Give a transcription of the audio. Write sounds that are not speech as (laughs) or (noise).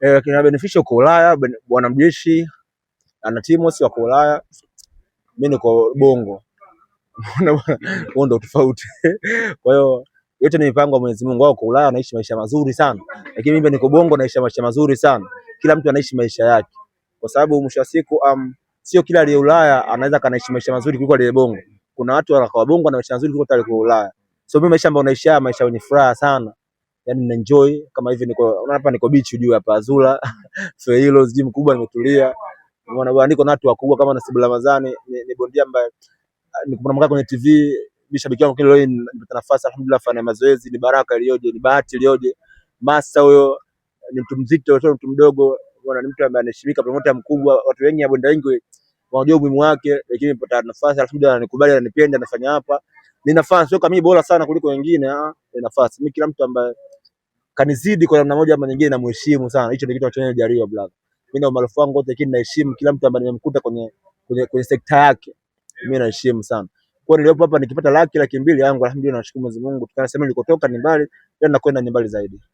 eh, kina beneficial kwa Ulaya, bwana mjeshi ana Timos kwa Ulaya, mimi niko Bongo. Unaona bwana, huo ndio tofauti. (laughs) Kwa hiyo yote ni mipango ya Mwenyezi Mungu. Wao kwa Ulaya anaishi maisha mazuri sana, lakini mimi niko Bongo naishi maisha mazuri sana. Kila mtu anaishi maisha yake, kwa sababu mwisho wa siku um, sio kila aliye Ulaya anaweza kanaishi maisha mazuri kuliko aliye Bongo. Kuna watu wanakaa Bongo na maisha mazuri kuliko wale wa Ulaya. So mimi maisha ambayo naishi haya maisha yenye furaha sana yani ninaenjoy kama hivi, niko hapa, niko beach juu hapa Azura (laughs) so hilo siji mkubwa, nimetulia, unaona bwana, niko na watu wakubwa kama Nasibu Ramadhani, ni ni bondia ambaye ah, nikumwona kwenye TV, bishabiki wangu kile leo, nipata nafasi alhamdulillah, fanya mazoezi, ni baraka iliyoje, ni bahati iliyoje. Masa huyo ni mtu mzito, sio mtu mdogo, bwana ni mtu ambaye anaheshimika, promoter mkubwa, watu wengi wa bondia wengi wanajua umuhimu wake, lakini nipata nafasi alhamdulillah, ananikubali, ananipenda, anafanya hapa ni nafasi sio kama mimi bora sana kuliko wengine. ah Ni nafasi mimi, kila mtu ambaye kanizidi kwa namna moja ama nyingine, namheshimu sana. Hicho ni kitu nachojaribu brother. Mimi na umaarufu wangu wote, lakini naheshimu kila mtu ambaye nimemkuta kwenye kwenye, kwenye sekta yake, mimi naheshimu sana. Kwa hiyo nilipo hapa nikipata laki laki mbili yangu, alhamdulillah, nashukuru Mwenyezi Mungu. Tukasema nilikotoka ni mbali, tena nakwenda ni mbali zaidi.